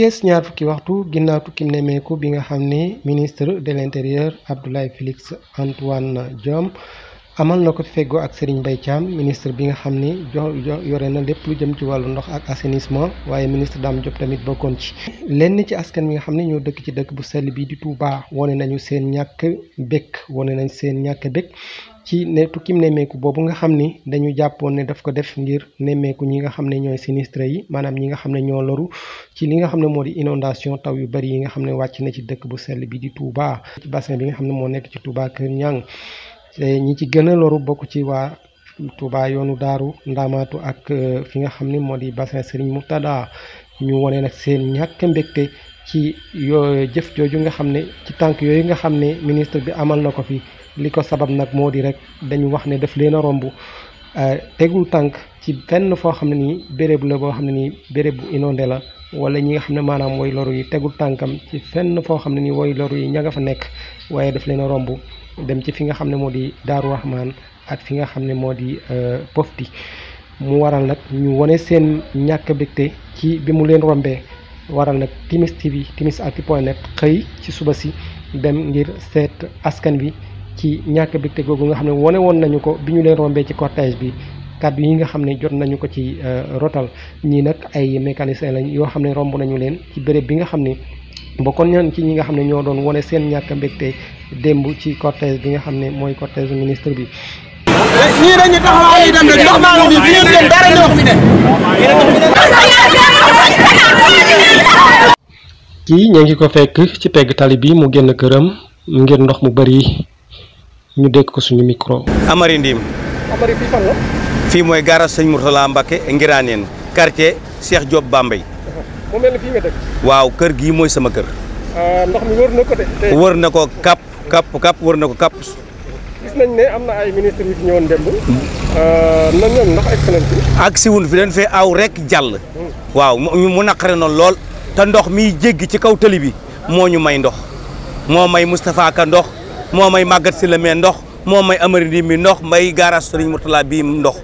yees ñaar fukki waxtu ginnaaw tukkim nemmeeku bi nga xam ni ministre de l'intérieur Abdoulaye Félix Antoine Diome amal na ko fi ak Serigne Mbaye Thiam ministre bi nga xam ne jo yore na lépp lu jëm ci wàllu ndox ak assainissement waaye ministre dam Diop tamit bokkoon ci lenn ci askan wi nga xam ne ñoo dëkk ci dëkk bu sell bi di Touba wone nañu seen ñàkk békk wone nañ seen ñàkk békk ci ne tukkim nemmeeku boobu nga xam ni dañu jàppoon ne daf ko def ngir nemmeeku ñi nga xam ne ñooy sinistre yi maanaam ñi nga xam ne ñoo loru ci li nga xam ne moo di inondation taw yu bari yi nga xam ne wàcc na ci dëkk bu sell bi di Touba bassin bi nga xam ne moo nekk ci Touba Kër Niang ñi ci gën a loru bokk ci waa tubaa yoonu daaru ndaamaatu ak euh, fi nga xam ne moo di bassin Serigne Moutada ñu wone nag seen ñàkk mbégte ci yoo jëf jooju nga xam ne ci tànk yooyu nga xam ne ministre bi amal na ko fi li ko sabab nag moo di rek dañu wax ne daf leen a romb euh, tegul tànk ci fenn foo xam ne nii béréb la boo xam ne nii béréb bu inondé la wala ñi nga xam ne maanaam woy loru yi tegul tànkam ci fenn foo xam ne nii woy loru yi ña nga fa nekk waaye daf leen a romb dem ci fi nga xam ne moo di Daaru Rahmaan ak fi nga xam ne moo di euh, Pofti mu waral nag ñu wane seen ñàkk bégte ci bi mu leen rombee waral nag Timis TV Timisactu point net xëy ci suba si dem ngir seet askan wi ci ñàkk bégte googu nga xam ne wane woon nañu ko bi ñu leen ci cortège bi kàddu yi nga xam ne jot nañu ko ci euh, rotal ñii nag ay mécaniciens lañ yoo xam ne romb nañu leen ci béréb bi nga xam ne bokkoon ñaan ci ñi nga xam ne ñoo doon wane seen ñàkk mbégte démb ci cortège bi nga xam ne mooy cortège bi. ngi kii ñu ngi ko fekk ci pegg tali bi mu génn këram ngir ndox mu bari. yi ñu dégg ko suñu mikro Amary Ndim. fii mooy garage sëñ Mourtala Mbacke Ngiraneen quartier Cheikh Diop Bambey. mu waaw kër gii mooy sama kër. Ah, wër na ko de. wër na na ko kap. gis ak hmm. ah, si wun fi fee aw rek jàll. Hmm. waaw mu naqare noonu lool. te ndox miy jéggi ci kaw tëli bi moo ñu may ndox moo may Moustapha Ka ndox. moo may màggat si la mais ndox moo may amari mi ndox may garage Sëriñ Murtala bii ndox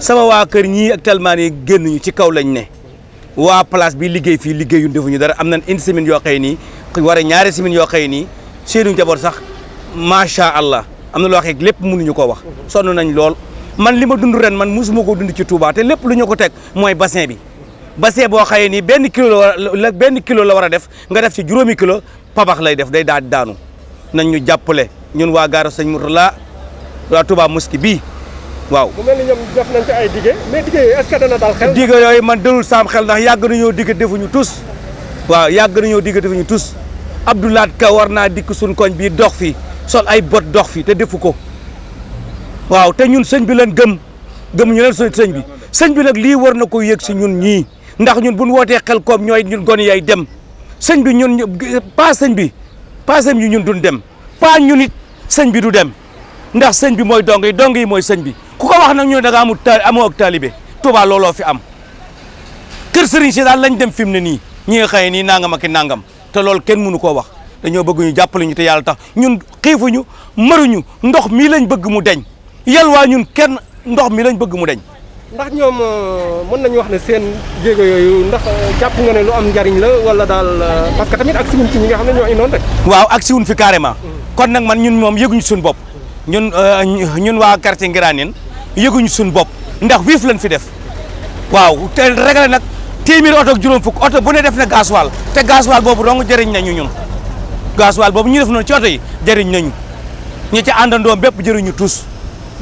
sama waa kër ñii actuellement nii génnuñu ci kaw lañ ne waa place bi liggéey fii liggéeyu ñu dara am nañ une semaine yoo xëy nii war a ñaari semaine yoo xëy nii seenu njaboot sax macha allah am na loo xam ne lépp ñu ko wax sonn nañ lool man li ma dund ren man mosuma ko dund ci Touba te lépp lu ñu ko teg mooy bassin bi bassin boo xëyee nii benn kilo la benn kilo la war a def nga def ci juróomi kilo pabax lay def day daal daanu nañ ñu jàppale ñun wa gara sëñ Mourtala wa Touba Mosquée bi waaw. mu melni ñom ñoom def nañ ci ay dige mais dige est-ce que dana dal xel. dige yoy man dalul sam xel ndax yàgg nañoo dige defuñu tous waaw yàgg nañoo dige defuñu tous abdoulat Ka warna dik dikk suñ koñ bi dox fi sol ay bot dox fi te defuko waaw te ñun sëñ bi leen gëm gëm ñu leen suñ sëñ bi sëñ bi nak li war na ko yëg ci ñun ñi ndax ñun buñ woté xel koom ñoy ñun gone yaay dem sëñ bi ñun pa sëñ bi. paa yi ñun duñ dem pas ñun it sëñ bi du dem ndax sëñ bi mooy dong yi dong yi mooy sëñ bi ku ko wax nag ñu ne da nga amul ta amoo ak fi am kër sëriñ si lañ dem fi mu ne nii ñi nga xëye nii nangam ak nangam te loolu kenn mënu koo wax dañoo bëgg ñu jàppale ñu te yàlla tax ñun xiifuñu maruñu ndox mii lañ bëgg mu deñ yalwaa ñun kenn ndox mi lañ bëgg mu deñ ndax ñoom euh, mën nañu wax ne seen jéego yooyu ndax capp euh, nga ne lu am njariñ la wala daal euh, parce que tamit ak siwun ci ñi nga xam ne ñoo indoon rek waaw ak siwun fi carrément mm. kon nag man ñun moom yëguñ suñu bopp mm. ñun ñun waa quartier Nguiranéne yëguñu suñu bopp ndax wiif lañ fi def waaw te réglé nag téeméeri oto ak juróom fukk oto bu ne def na gasoil te gasoil boobu dong jëriñ nañu ñun gasoil boobu ñu def noonu ci oto yi jëriñ nañu ñi ci àndandoo bépp jëriñu tous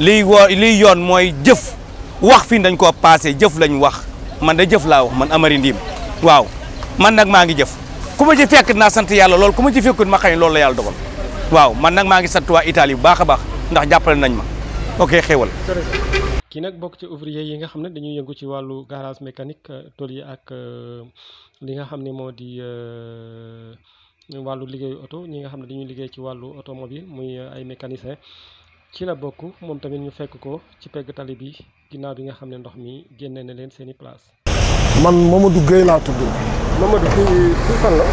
liy woo liy yoon mooy jëf wax fi dañ ko passé jëf lañ wax man da jëf la wax man amari Ndim waw man nak maangi jëf kuma ci fekk na sante yalla lool kuma ci fekkut ma xay lool la yalla dogal waw man nak maangi sante wa Italie bu baax ndax jappal nañ ma ok xewal ki nak bok ci ouvrier yi nga xamne dañuy yëngu ci walu garage mécanique tol yi ak euh, li nga xamne modi walu di auto euh, ñi nga xamne dañuy liggéey ci walu automobile muy euh, ay mécanicien ci la bokku mom tamit ñu fekk ko ci pegg tali bi ginnaaw bi nga xamne ndox mi genné na len seeni place man Mamadou Gueye la tudd Mamadou fii fi fan la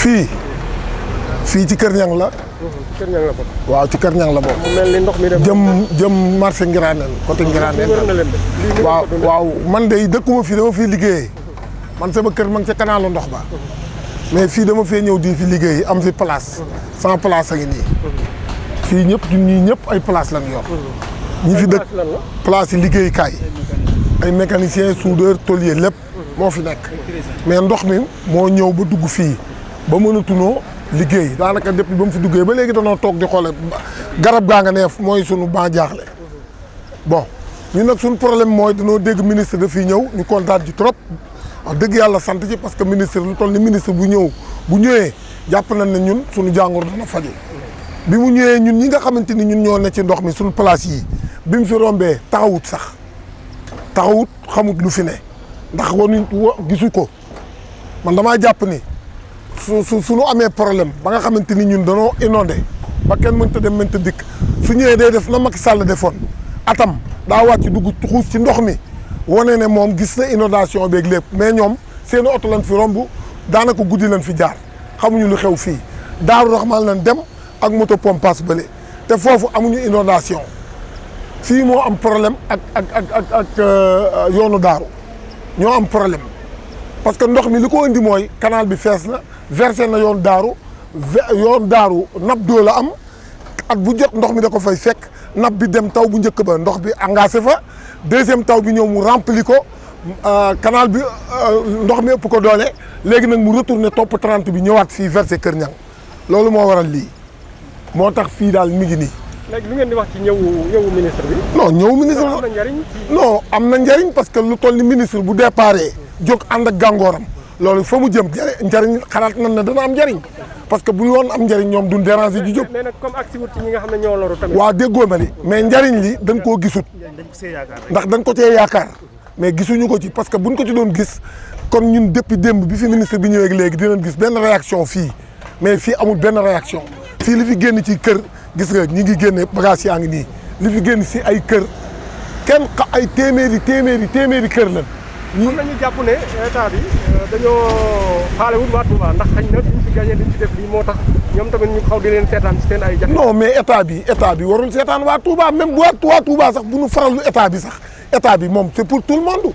fi fi ci Kër Ñang la mhm, ci Kër Ñang la bok waaw ci Kër Ñang la bok mu mel ni ndox mi dem jëm jëm marché Ngiraneen côté mhm, Ngiraneen waaw waaw man day dekkuma fi dama fi liggéey mhm. man sama kër ma ngi ca kanaalu ndox ba mais fi dama fi ñew di fi liggéey am fi place sans place ak ni fi fii ñëpp ñun ñii ñëpp ay place lañ yor ñi fi dëkk place yi liggéeykaay ay mécanicien soudeur tôlier lépp moo fi nekk mais ndox mi moo ñëw ba dugg fii ba mënatunoo liggéey daanaka depuis ba mu fi duggee ba léegi danoo toog di xoole garab gaa nga nee mooy sunu ban jaaxle bon ñu nag suñu problème mooy danoo dégg ministre da fii ñëw ñu kontaan ci trop wax dëgg yàlla sant ci parce que ministre lu toll ni ministre bu ñëw bu ñëwee jàpp nañ ne ñun suñu jàngoro dana faju bi mu ñëwee ñun ñi nga xamante ni ñun ñoo ne ci ndox mi suñu place yi bi mu fi rombee taxawut sax taxawut xamut lu fi ne ndax wanu gisu ko man damaa jàpp ni su su suñu amee problème ba nga xamante ni ñun danoo inondé ba kenn mënta dem mënta dikk su ñëwee day def na mag Sall defoon atam daa wàcc dugg xuus ci ndox mi wane ne moom gis na inondation beeg lépp mais ñoom seeni oto lan fi romb daanaka guddi lan fi jaar xamuñu lu xew fii daaru raxmaan lan dem ak moto pompas bële te foofu amuñu inondation fii moo am problème ak ak ak ak ak euh, euh, yoonu daaru ñoo am problème parce que ndox mi li ko indi mooy kanaal bi fees na versé na yoon daaru yoon daaru nab doo la am at bu jot ndox mi da ko fay fekk nap bi dem taw bu njëkk ba ndox bi engagé fa deuxième taw bi ñëw mu rempli ko euh, canal bi ndox mi ëpp ko doole léegi nag mu retourné topp 30 bi ñëwaat fii versé Kër Niang loolu moo waral lii moo tax fii daal mi ngi nii léegi lu ngeen di wax ci ñëw ñëw ministre bi. non ñëw ministre am am na njariñ parce que lu toll ni ministre bu déparé jóg ànd ak gàngooram loolu fa mu jëm njariñ xalaat nañ ne dana am njariñ parce que bu woon am njariñ ñoom du déranger ju jóg. mais nag comme ak si wut ci ñi nga xam ne ñoo déggoo ma ni mais njariñ li dañ koo gisut. ndax dañ ko cee yaakaar mais gisuñu ko ci parce que bu buñ ko ci doon gis kon ñun depuis démb bi fi ministre bi ñëweek léegi dinañ gis benn réaction fii mais fii amul benn réaction fii li fi génn ci kër gis nga ñi ngi génne bagage yaa ngi nii li fi génn si ay kër kenn xa ay téeméeri téeméeri téeméeri kër lan na nañu jàpp ne état bi euh, dañoo xaalewul waa Touba ndax xañ na duñ fi gagné liñ ci def lii moo tax ñoom tamit ñu xaw di leen seetaan ci seen ay jafe non mais état bi état bi warul seetaan waa Touba même waa waa Touba sax bu ñu faral lu état bi sax état bi moom c'est pour tout le monde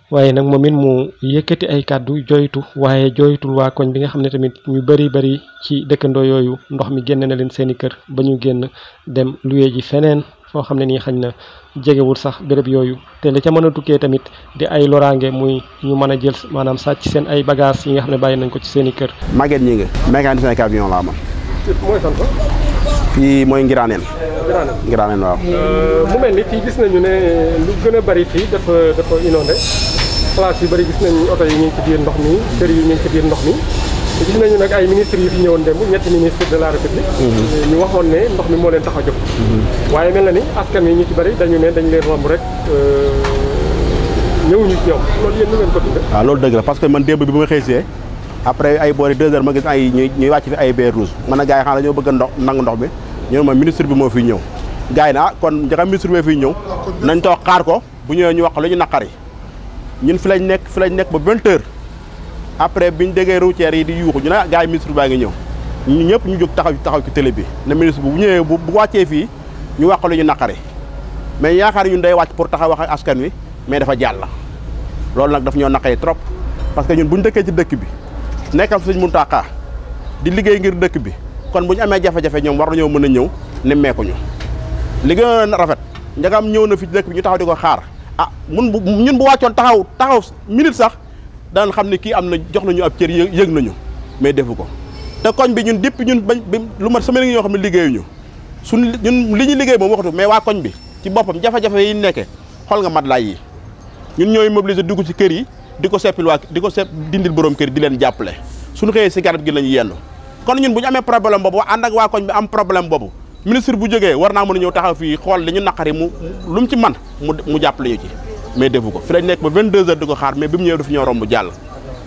waye nak moom mu yëkkati ay kaddu joytu waye joytul wa koñ bi nga xamne tamit ñu bari bari ci dëkkandoo yoyu ndox mi genn na leen seeni kër bañu genn dem luyé ji fenen fo xamne ni nii xañ na jegewul sax béréb yoyu té la ca mëna a tamit di ay lorangé muy ñu mëna jël manam sacc seen ay bagage yi nga xamne ne nañ ko ci seeni kër. Maguette ñi nga mécanicien camion la man. mooy fan euh, mu gis nañu ne lu gën a bari fii dafa dafa inondé place yu bari gis nañ oto yi ñu ngi ci biir ndox mi kër yi ñu ngi ci biir ndox mi gis nañu nag ay ministre yu fi ñëwoon démb ñetti ministre de la république mhm. ñu waxoon ne ndox mi moo leen tax a jóg mhm. waaye mel na ni askan yi ñu ci bari dañu ne dañ leen romb rek euh, ñëwuñu ci ñoom loolu yéen ñu ngeen ko dundee waaw ah, loolu dëgg la parce que man démb bi ma xëysee après ay boori deux heures ma gis ay ñuy ñuy wàcc fi ay beer rouge man a gars yi xanaa dañoo bëgg ndox nangu ndox bi ñu ma ministre bi moo fi ñëw gars yi na ah, kon njaxam ministre bi fiy ñëw ah, nañ toog xaar ko bu ñëwee ñu wax lu ñu naqari ñun fi lañ nekk fi lañ nekk ba 20 h après biñ déggé routière yi di yuuxu ñu na ah, gaay ministre ba nga ñew ñu ñëpp ñu jóg taxaw taxaw ci télé bi ne ministre bu ñëwé bu waccé fi ñu wax lu ñu nakaré mais yaakar ñun day wacc pour taxaw wax askan wi mais dafa jàll lool nak daf ñoo nakay trop parce que ñun buñ dëkkee ci dëkk bi nekkal suñ muntaka di liggéey ngir dëkk bi kon buñ amé jafé jafé ñom war ko ñu li gën rafet ñagam ñëw na fi dëkk bi ñu taxaw di xaar ah mun bu ñun bu wàccoon taxaw taxaw minute sax daan xam ne kii am na jox nañu ab cër yëg nañu mais defu ko te koñ bi ñun depuis ñun bañ lu mat semaine ngi ñoo xam ne liggéeyuñu suñ ñun li ñu liggéey moom waxatu mais waa koñ bi ci boppam jafe-jafe yi nekke xool nga mat laay yi ñun ñooy mobiliser dugg ci kër yi di ko seppil waa di ko sepp dindil borom kër yi di leen jàppale suñu xëyee si garab gi lañu yenn kon ñun bu ñu amee problème boobu ànd ak waa koñ bi am problème ministre bu jógee war naa mën a taxaw fii xool li ñu naqari mu lu mu ci man mu jàpp jàppale ñu ci mais defu ko fi lañ nekk ba 22 heures di ko xaar mais bi mu ñëwee daf ñoo romb jàll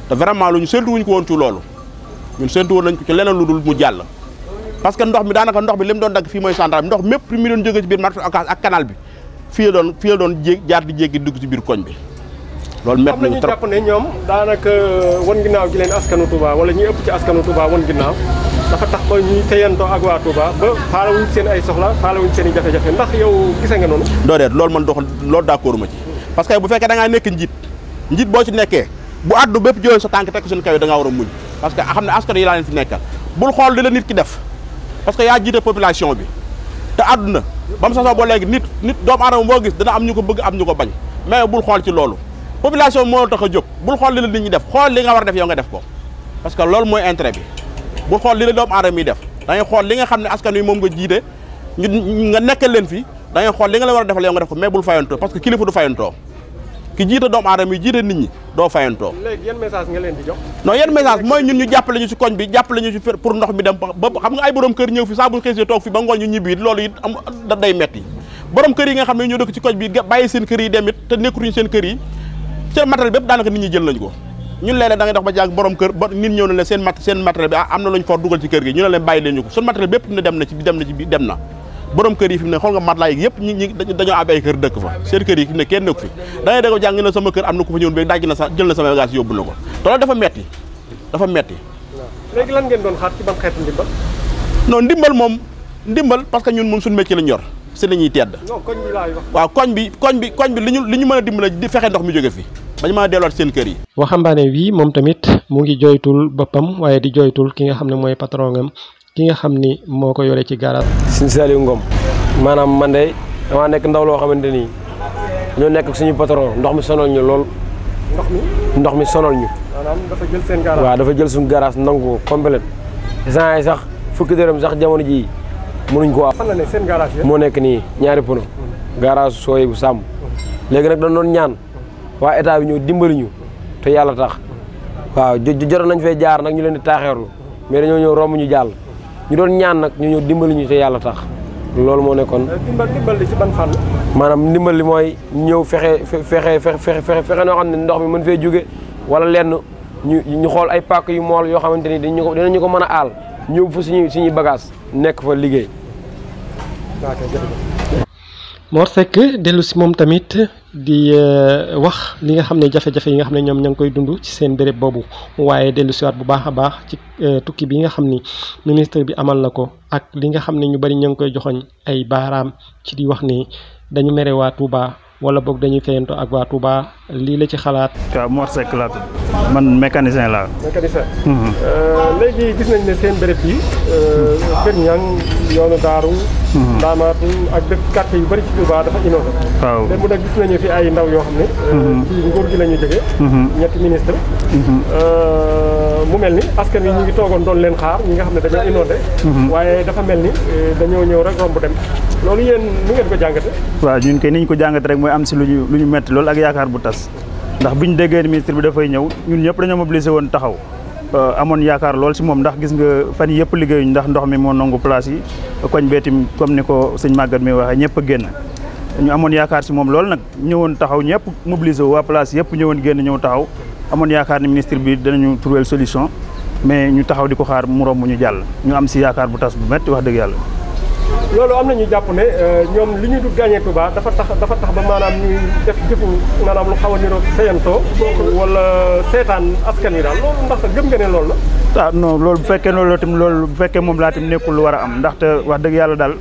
te vraiment lu ñu séntu wuñ ko woon loolu ñun séntu woon nañ ko ci leneen lu dul mu jàll parce que ndox mi daanaka ndox bi li mu doon dagg mooy central ndox mépp mi doon jóge ci biir marché Ocass ak canal bi fii la doon fii la doon jé jaar di jéggi dugg ci biir koñ bi loolu métti nañu trop na ñu jàpp ne ñoom daanaka wan ginnaaw gi leen askanu Touba wala ñi ëpp ci askanu Touba wan ginnaaw dafa tax ko ñuy teyanto ak wa Touba ba faalawuñ seen ay soxla faalawuñ seen jafé jafé ndax yow gisa nga do doodeet lool man doxal lool d'accord ma ci parce que bu fekke da nga nek njit njit bo ci nekké bu addu bépp joy sa tank tek suñu kaw da nga wara muñ parce que xamna ne yi la leen fi nekkal bul xol di la nit ki def parce que ya jité population bi te aduna bam sa so bo léegi nit nit doom adam boo gis dana am ñuko bëgg am ñuko bañ mais bul xol ci loolu population mo taxa a bul xol li la nit ñi def xol li nga war def yow nga def ko parce que lool moy intérêt bi bu xool li la doomu aadama yi def da xool li nga xam ne askan wi moom nga jiite nga nekkal leen fi da ngay xool li nga la war a defal yow nga def ko mais bul fayantoo parce que kilifa du fayantoo ki jiite doomu aadama yi jiite nit ñi doo fayantoo. léegi yan message nga leen di jox. non message mooy ñun ñu jàppale ñu ci koñ bi jàppale ñu ci pour ndox mi dem ba xam nga ay borom kër ñëw fi saa bu ñu xësee toog fi ba ngoon ñu ñibbi loolu it da day metti borom kër yi nga xam ne ñoo dëkk ci koñ bi bàyyi seen kër yi dem it te nekkutuñu seen kër yi seen matériel bépp daanaka nit jël nañ ko ñun léeg-léeg da ngay dox ba jàgg borom kër ba nit ñëw na leen seen mat seen matériel bi ah, am na lu ñu for dugal ci kër gi ñu ne leen bàyyi leen ñu ko seen matériel bépp ba jàgg ñu ne sama kër am na sa jël na sama bagage yóbbu na ko te loolu dafa metti dafa metti lan ngeen doon xaar ci ban xeetu ndimbal moom ndimbal parce que ñun moom suñu métier la ñor si la ñuy tedd waaw koñ bi koñ bi koñ bi li ñu li ñu mën a dimbale di fexe ndox mi jóge fi bañ maa delluwaat seen kër yi. waxambaane wi moom tamit mu ngi jooytul boppam waaye di jooytul ki nga xam ne mooy patron am ki nga xam ni moo ko yore ci garage. suñu Saliou ngoom maanaam man de damaa nekk ndaw loo xamante ni ñoo nekk suñu patron ndox mi sonal ñu lool. ndox mi ndox mi sonal ñu. maanaam dafa jël seen garage. waaw dafa jël suñu garage nangu ko complet saa yi sax fukki dërëm sax jamono jii mënuñ ko am. fan seen garage moo nekk nii ñaari pono. garage sooy bu sàmm. Mm-hmm. léegi nag dañ ñaan. waa état bi ñëw dimbali ñu te yàlla tax waaw jotoon nañ fee jaar nag ñu leen di taaxeerlu mais dañoo ñëw romb ñu jàll ñu doon ñaan nag ñu ñëw dimbali ñu te yàlla tax loolu moo nekkoon. ndimbal euh, maanaam ndimbal li mooy ñëw fexe fexe fexe fexe noo xam ne ndox mi mën fee jóge wala lenn ñu ñu xool ay pàkk yu mool yoo xamante ni dinañu ko dinañu ko mën a aal ñëw fa suñuy suñuy bagage nekk fa liggéey. Mor Seck dellu si moom tamit. di eh, wax li nga xam ne jafe-jafe yi nga xam ne ñoom ña ngi koy dund ci seen béréb boobu waaye dellu siwaat bu baax a baax ci eh, tukki bi nga xam ni ministre bi amal na ko ak li nga xam ne ñu bari ña ngi koy joxoñ ay baaraam ci di wax nii dañu merewaat Touba wala boog dañuy kayantoo ak waa Touba lii la ci xalaat. waaw Mor Seck laa man mécanicien laa. mécanicien. Mhm. Euh, léegi gis nañ ne seen béréb yi. Euh, Kër Niang yoonu Daaru. Mhm. Ndaamaatu ak dëkk quartier yu bari ci Touba dafa innové. waaw léegi nag gis nañu fi ay ndaw yoo xam ne. ci euh, mhm. nguur gi la ñu ñetti ministre. mu melni ni askan yi ñu ngi togon doon leen xaar ñi nga xamne dañu mm-hmm. inondé mm-hmm. waye dafa melni eh, dañu ñew rek rombu dem lolu yeen nu ngeen ko jangate wa ñun kay niñ ko jangate rek moy am ci luñu luñu metti lolu ak yaakar bu tass ndax biñ déggé ministre bi da fay ñew ñun ñëpp dañu mobilisé won taxaw euh, amon yaakar lool ci mom ndax gis nga fan yépp liggéey ndax ndox mi mo nangu place yi koñ beetim comme niko seigne sëñ mi waxe ñëpp genn ñu amoon yaakar ci mom lool nak ñëwoon taxaw ñëpp mobiliser wa place yépp ñëwoon genn ñew taxaw amoon yaakaar ni ministre bi danañu trouver solution mais ñu taxaw di ko xaar mu romb ñu jàll ñu am si yaakaar bu tas bu métti wax dëgg yàlla. loolu am na ñu jàpp ne euh, ñoom li ñu du gagné Touba dafa tax dafa tax ba maanaam ñuy def jëfu maanaam lu a niroog seyantoo wala seetaan askan yi daal loolu ndax gëm nga ne loolu la. ah non loolu bu fekkee loolu tamit loolu bu fekkee moom laa tamit nekkul lu war a am ndaxte wax dëgg yàlla daal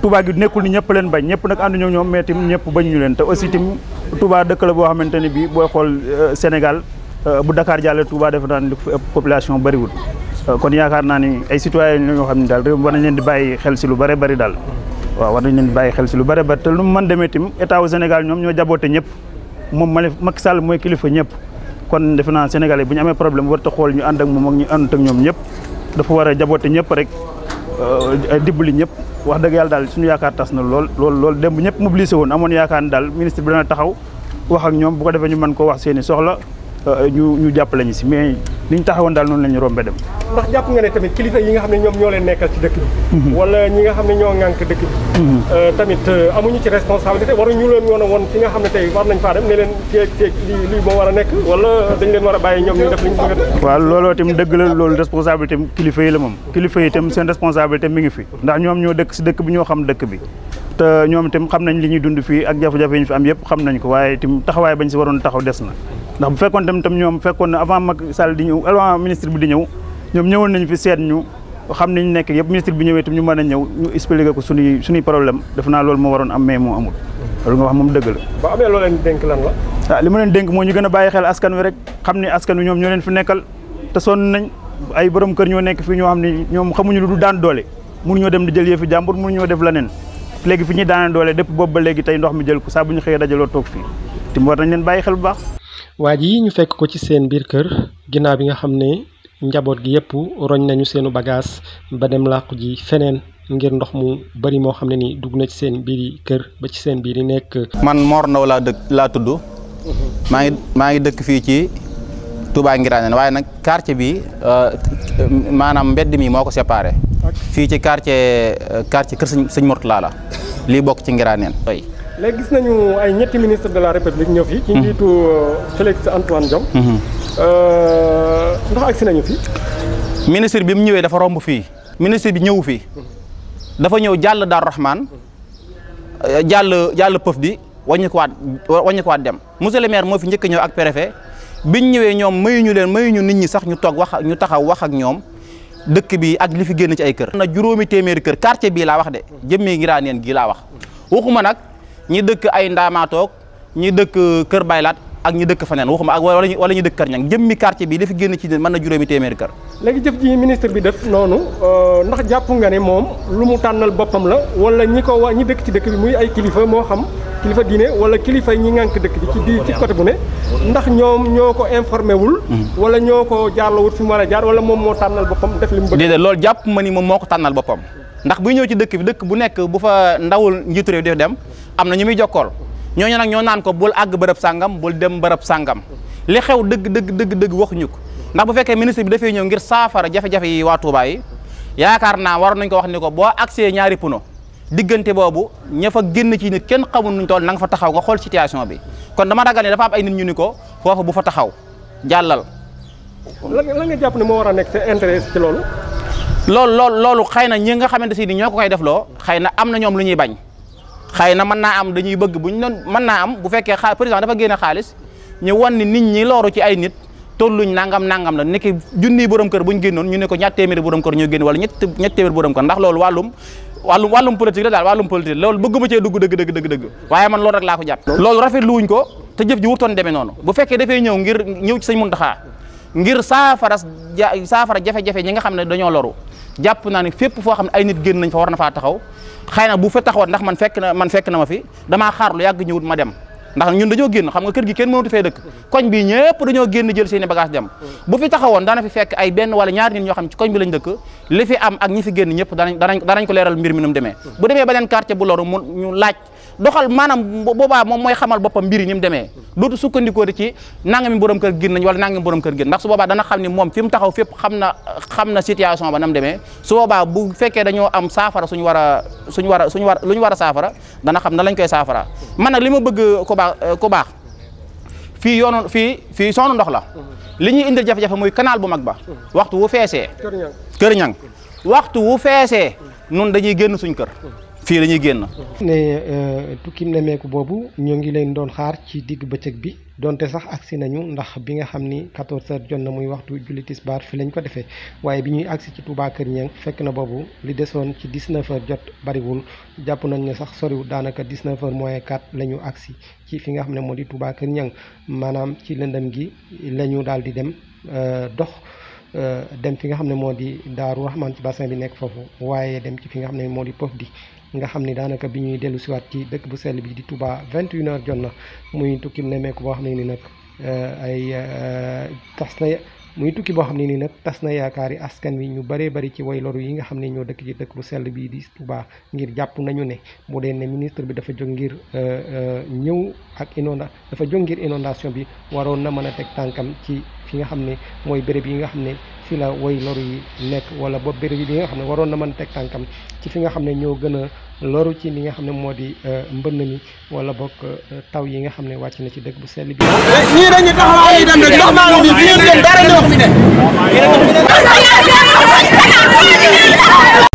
Touba gi nekkul ni ñëpp leen bañ ñëpp nag ànduñu ñoom mais tamit ñëpp bañuñu leen te aussi tamit Touba dëkk la boo xamante ne bii booy xool euh, Sénégal. Euh, bu dakaar jàllee tubaa defe naa ne li ko fi ëpp population bëriwul euh, kon yaakaar naa ni ay citoyen la xam ne daal réew war nañ leen di bàyyi xel si lu bare bari daal waaw war nañ leen di bàyyi xel si lu bare bari te lu mu mën demee tamit état wu Sénégal ñoom ñoo jaboote ñëpp moom Macky Sall mooy kilifa ñëpp kon defe naa Sénégalais bu ñu amee problème warut a xool ñu ànd ak moom ak ñu àndut ñoom ñëpp dafa war a jaboote ñëpp rek euh, dimbali ñëpp wax dëgg yàlla daal suñu yaakaar tas na lool lool lool démb ñëpp mobilisé woon amoon yaakaar ne daal ministre bi dana taxaw wax ak ñoom bu ko defee ñu mën koo wax seen soxla Euh, ñu jàpp jàppale ñu si mais li ñu taxawoon daal noonu la ñu rombe dem. ndax jàpp nga ne tamit kilifa yi nga xam ne ñoom ñoo leen nekkal ci dëkk mhm. wala ñi nga xam ne ñoo ŋànk dëkk bi. Mhm. Euh, tamit euh, amuñu ci responsabilité waruñu leen woon a woon fi nga xam ne tey war nañ faa dem leen ceeb ceeb lii a dañ leen war bàyyi ñoom a. waaw looloo itam dëgg la loolu responsabilité kilifa yi la moom kilifa yi itam seen responsabilité mi ngi fi ndax ñoom ñoo dëkk si dëkk bi ñoo xam dëkk bi te ñoom itam xam nañ li ñuy dund fii ak jafe-jafe yi ñu fi am yëpp xam nañ ko waaye itam taxawaay bañ si waroon taxaw des na ndax bu fekkoon tam tam ñoom fekkoon na avant Macky Sall di ñëw avant ministre bi di ñoom ñëwoon nañ fi seet ñu xam nañ nekk yëpp ministre bi ñëwee tam ñu mën a ñëw ñu expliqué ko suñuy suñuy problème def na lool moo waroon am mais moo amul loolu nga wax moom dëgg la ba amee loo ah, moo ñu gën a bàyyi xel askan wi rek xam ne askan wi ñoom ñoo leen fi ñoo nekk fii ñoo xam ne ñoom xamuñu lu du daan doole mënuñoo dem di jël yëfi jàmbur mënuñoo def leneen léegi fi ñuy daana doole dépp boobu ba léegi tey ndox mi jël ko saa bu ñu xëyee dajaloo toog fii tim war nañ leen bàyyi xel baax waa ji yi ñu fekk ko ci seen biir kër ginnaaw bi nga xam ne njaboot gi yépp roñ nañu seenu bagage ba dem làqu ji feneen ngir ndox mu bari moo xam ne ni dugg na ci seen biiri kër ba ci seen biir yi nekk. man moor Ndaw laa dëkk laa tudd. Mhm. maa ngi maa ngi dëkk fii ci Touba Ngiraane waaye nag quartier bi euh, maanaam mbedd mi moo ko séparé. fii ci quartier euh, quartier kër sëñ Murtala la lii bokk ci Ngiraaneen. léegi gis nañu ay ñetti ministre de la république ñëw fi. ci hmm. njiitu euh, Félix Antoine Diome. Hmm. Hmm. Euh, ndax agsi nañu fi. ministre bi mu ñëwee dafa romb fii. ministre bi ñëw fii. dafa ñëw jàll Darou Rahman euh, jàll jàll pëf di wàññikuwaat wàññikuwaat dem monsieur le maire moo fi njëkk ñëw ak préfet biñ ñëwee ñoom mayuñu leen mayuñu nit ñi sax ñu toog wax ñu taxaw wax ak ñoom dëkk bi ak li fi génn ci ay kër. na juróomi téeméeri kër quartier bii laa wax de jëmmee ngiraa neen gii laa wax waxuma nag. ñi dëkk ay ndaamaatoog ñi dëkk kër baylaat ak ñi dëkk faneen waxuma ak wala wala ñu dëkk kër ñang jëmmi quartier bi dafa génn ci mën na juróomi téeméeri kër léegi jëf ji ministre bi def noonu euh, ndax jàpp nga ne moom lu mu tànnal boppam la wala ñi ko wa ñi dëkk ci dëkk bi muy ay kilifa moo xam kilifa diine wala kilifa ñi ngànk dëkk bi ci ndax ñoom ñoo ko informé wul mhm. wala ñoo ko jaarlawut fi mu war a jaar wala moom moo tànnal boppam def li mu bëgg déedéet loolu jàpp ma ni moom moo ko tànnal boppam ndax buy ñëw ci dëkk bi dëkk bu nekk bu fa ndawul njiitu réew def dem am na ñu muy jokkool ñooñu nag ñoo naan ko bul àgg bërëb sàngam bul dem bërëb sàngam li xew dëgg dëgg dëgg dëgg waxuñu ko ndax bu fekkee ministre bi dafay ñëw ngir saafara jafe-jafe yi waa Touba yaakaar naa waroon nañ ko wax ni ko boo accès ñaari puno diggante boobu ña fa génn ci nit kenn xamul nuñ tool na nga fa taxaw nga xool situation bi kon dama ragal ne dafa am ay nit ñu ni ko foofu bu fa taxaw jàllal. lan nga jàpp ne moo war a nekk intérêt ci loolu. loolu loolu loolu xëy na ñi nga xamante si ni ñoo ko koy def loo xëy na am na lu ñuy bañ. xëy na mën naa am dañuy bëgg bu ñu na mën naa am bu fekkee xaa président dafa génne xaalis ñu wan ni nit ñi looru ci ay nit tolluñ nangam nangam la nekk junniy borom kër buñ génnoon ñu ne ko ñett téeméeri borom kër ñoo génn wala ñett ñett téeméeri borom kër ndax loolu wàllum wàllum wàllum politique la daal wàllum politique loolu bëgguma cee dugg dëgg dëgg dëgg waaye man loolu rek laa ko jàpp loolu rafetlu wuñ ko te jëf ji wutoon demee noonu bu fekkee dafay ñëw ngir ñëw ci sëñ Muntaxa ngir saafara saafara jafe-jafe ñi nga xam ne dañoo loru jàpp naa ne fépp foo xam ne ay nit génn nañ fa war na taxaw xëy na bu fa taxawoon ndax man fekk na ma fi damaa xaar lu yàgg ñëwut ma dem ndax ñun dañoo génn xam nga kër gi kenn mënatu fee dëkk koñ bi ñëpp dañoo génn jël seeni bagage dem bu fi taxawoon dana fi fekk ay benn wala ñaari nit ñoo xam ci koñ bi lañ dëkk li fi am ak ñi fi génn ñëpp danañ danañ ko leeral mbir mi nu mu demee bu demee beneen quartier bu loru mu laaj doxal manam boba mom moy xamal bopam mbiri ni mu demee dootu sukkandikoo di ci nangami borom kër gén nañ wala nangami borom kër gén ndax su boba dana xamni ni fim taxaw fep xamna xamna situation ba nam demee su boba bu fekkee dañoo am safara suñu wara suñu wara suñu wara luñu wara safara dana xam na lañ koy safara man nak lima bëgg euh, ko baax euh, ko baax fi yoonu fi fi sonu ndox la mm-hmm. li indi jafé jafé moy canal bu mag ba mm-hmm. waxtu wu fessé kër ñang waxtu wu fessé nun mm-hmm. dañuy genn suñu kër fi lañuy genn génn. ne euh, tukkim nemeeku boobu ñoo ngi leen doon xaar ci digg bëccëg bi donte sax aksi nañu ndax bi nga xamni 14 h jot na muy waxtu julitis bar fi lañ ko defee waye bi ñuy aksi ci Touba Kër Niang fekk na bobu li desoon ci 19 h jot wul japp nañ ne sax soriwul danaka 19 h moins 4 lañu aksi ci fi nga xamne modi Touba Kër Niang manam ci lëndëm gi lañu dal di dem euh, dox. Euh, dem fi nga xamne modi daru Rahman ci bassin bi nek fofu waye dem ci fi nga xamne modi pof di nga xam ni daanaka bi ñuy dellu siwaat ci dëkk bu sell bi di Touba 21h jot na muy tukki nemmeeku boo xam ne ni nag eh, ay eh, tas na muy tukki boo xam ne ni nag tas na yaakaari askan wi ñu bëree bëri ci way loru yi nga xam ne ñoo dëkk ci dëkk bu sell bii di Touba ngir jàpp nañu ne bu dee ne ministre bi dafa jóg ngir eh, ñëw ak inonda dafa jóg ngir inondation bi waroon na mën a teg tànkam ci fi nga xam ne mooy béréb yi nga xam ne fi la woy loru yi nekk wala ba béréb yi nga xam ne waroon na mën teg tànkam ci fi nga xam ne ñoo gën a loru ci li nga xam ne moo di euh, mbënn mi wala bokk euh, taw yi nga xam ne wàcc na ci dëkk bu sell bi. ñii dañuy taxawaay yi dem rek ndox maa ngi fi ñu dem dara ndox mi de.